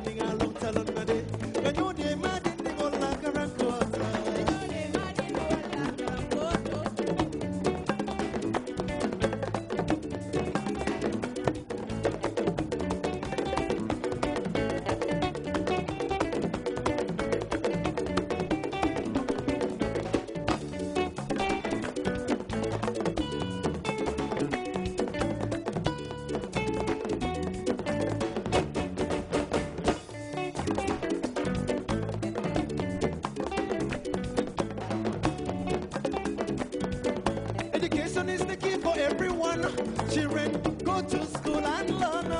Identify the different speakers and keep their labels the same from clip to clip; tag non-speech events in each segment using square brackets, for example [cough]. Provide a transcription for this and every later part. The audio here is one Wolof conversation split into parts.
Speaker 1: con Education is the key for everyone. Children go to school and learn.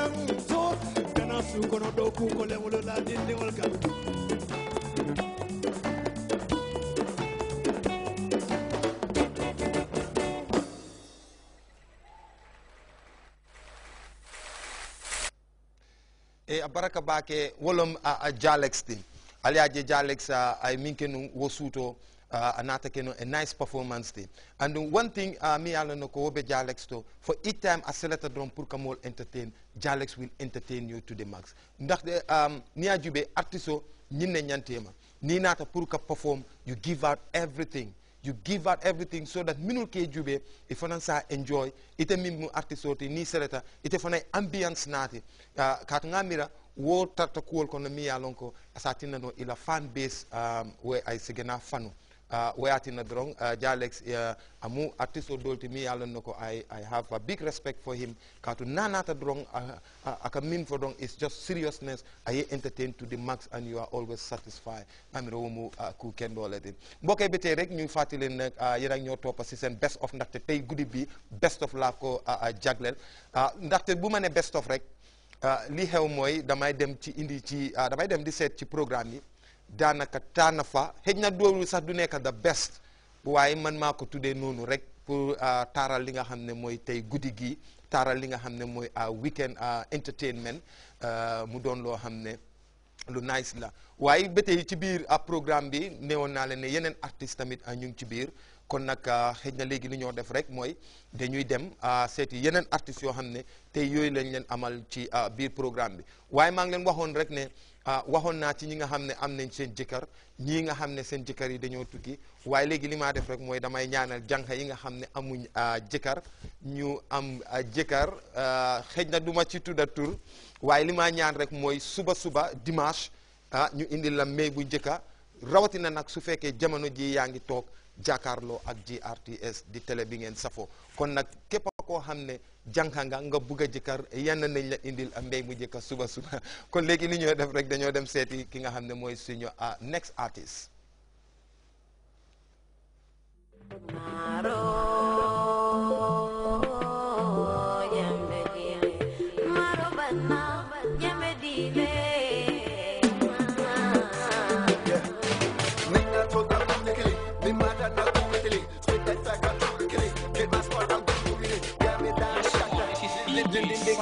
Speaker 1: nan so gana
Speaker 2: e, a baraka bake wolom a, a jalex din aliaje jalex a, a wo suuto uh, anata keno a nice performance thing. And one thing uh, me ala no ko Jalex to for each time a select drum pour kamol entertain Jalex will entertain you to the max. Ndax de um ni ajube artiso nyinne nyantema. Ni nata pour ka perform you give out everything. You give out everything so that minul ke jube ifana sa enjoy ite mimu artiso te ni seleta ite fona ambiance nati. Uh, kat ngamira wo tarta kuol kono mi alonko asatina no ila fan base um, where I sigena fanu uh, weatina drong uh, jalex uh, amu artiste dolti mi yalon noko I, I have a big respect for him katu nanata drong uh, uh, aka min for drong is just seriousness I entertain to the max and you are always satisfied amiro mu uh, ku kendo lati mbokay bete rek ñu fatile nak uh, yeen ak ñoo top ci sen best of ndaxte tay goudi bi best of love ko uh, uh, jaglel uh, ndaxte bu mané best of rek uh, li xew moy damay dem ci indi ci uh, damay dem di set ci programme yi daanaka taana fa xëj na doolu sax du nekk the best waaye man maa ko tuddee noonu rek pour euh, taaral li nga xam ne mooy tey guddi gi taaral li nga xam ne mooy euh, weekend euh, entertainment mu doon loo xam ne lu nice la waaye ba tey ci biir programme bi newoon naa leen ne yeneen artistes tamit ñu ngi ci biir kon nag ah, xëy na léegi lu ñoo def rek mooy dañuy dem ah, seeti yeneen artistes yoo xam ne tey yooyu lañ leen amal ci ah, biir programme bi waaye maa ngi leen waxoon rek ne waxoon naa ci ñi nga xam ne am nañ seen jëkkër ñii nga xam ne seen jëkkër yi dañoo tukki waaye léegi li maa def rek mooy damay ñaanal jànq yi nga xam ne amuñ jëkkër ñu am jëkkër xëy na duma ci tudda tur waaye li ma ñaan rek mooy suba suba dimanche ah ñu indi la may bu njëkka rawatina nag su fekkee jamono ji yaa ngi toog jàkkaarloo ak GRTS di télé bi ngeen safoo kon nag képp koo xam ne jànka nga nga bugg a jëkkër yenn nañ la indil mbéy mu jëkkër suba suba [laughs] kon léegi li ñoo def rek dañoo dem seeti ki nga xam ne mooy suñu ah, next artist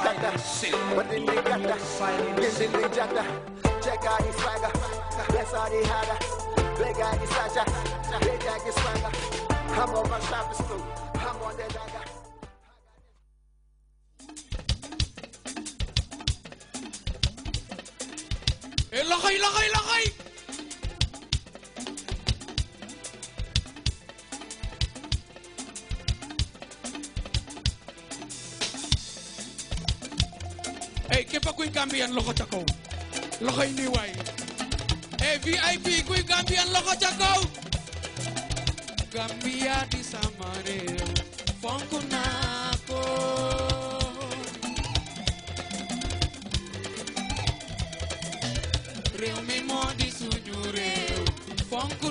Speaker 2: they jada, badili jada, gizili
Speaker 1: Check out ni swagger, all lesa ni hada, lega ni sacha, leja ni swagger, I'm on my shopping stool, I'm on the dagger. Ilakay, eh, ilakay, ilakay! Gambien loxo ca kaw loxoy nii waay e eh, VIP kuy Gambien loxo ca kaw Gambia di sama réew naa ko réew mi moo di suñu réew fonk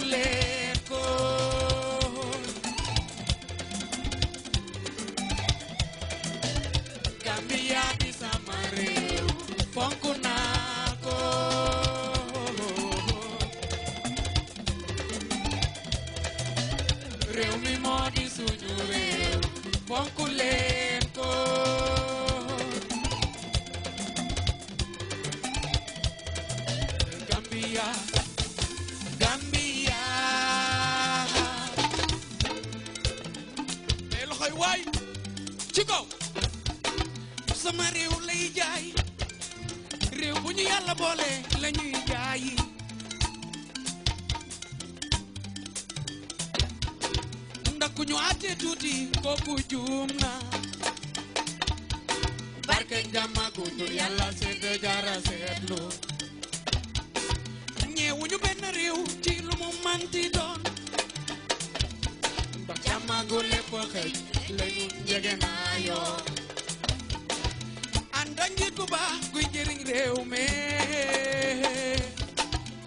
Speaker 1: ñu yàlla boole la ñuy jaayi ndax ku ñu àttee tuuti kooku juum na barke njàmma gudd yàlla sedd jaara seetlu ñeewu ñu benn réew ci lu mu manti doon ba jàmma gu lépp xëy la ki ku baax kuy jëriñ réew mi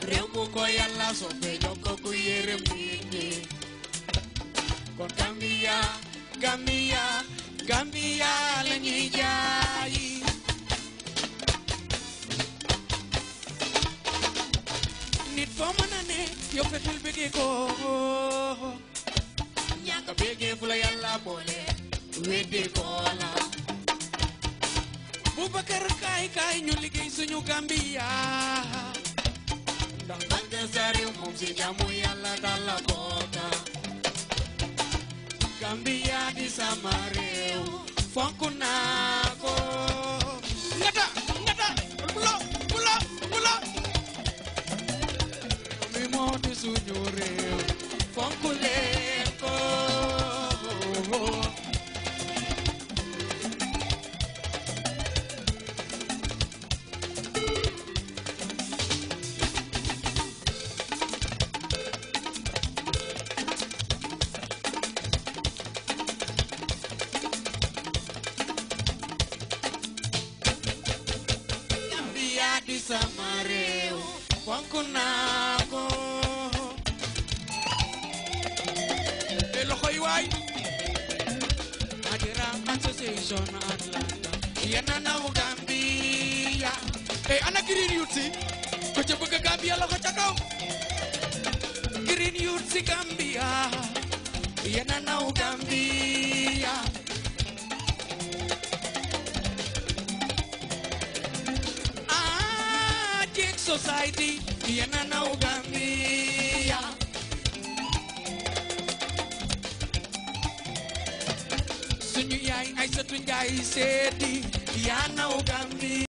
Speaker 1: réew mu ko yàlla soppe jox ku yërëm nit kon Gambia Gambia la ñuy nit foo mën ne yow fexeel bëggee ko ñàkk bëggee fu la yàlla boole weddee ko la Boubacar kaay kaay ñu liggéey suñu Gambia ndax bande sa réew moom si jàmmu yàlla daal di sama réew fonk naa ko ngata ngata bulo bulo bulo réew di suñu réew fonk sàkku naa ko e loxo yi waay Adera association Atlanta yena naw Gambia e ana Green Youth si ko ca bëgg Gambia loxo ca kaw Green Youth si Gambia yena naw Gambia society suñu yaay Aysatu Njaay seeti yaa naw Gambia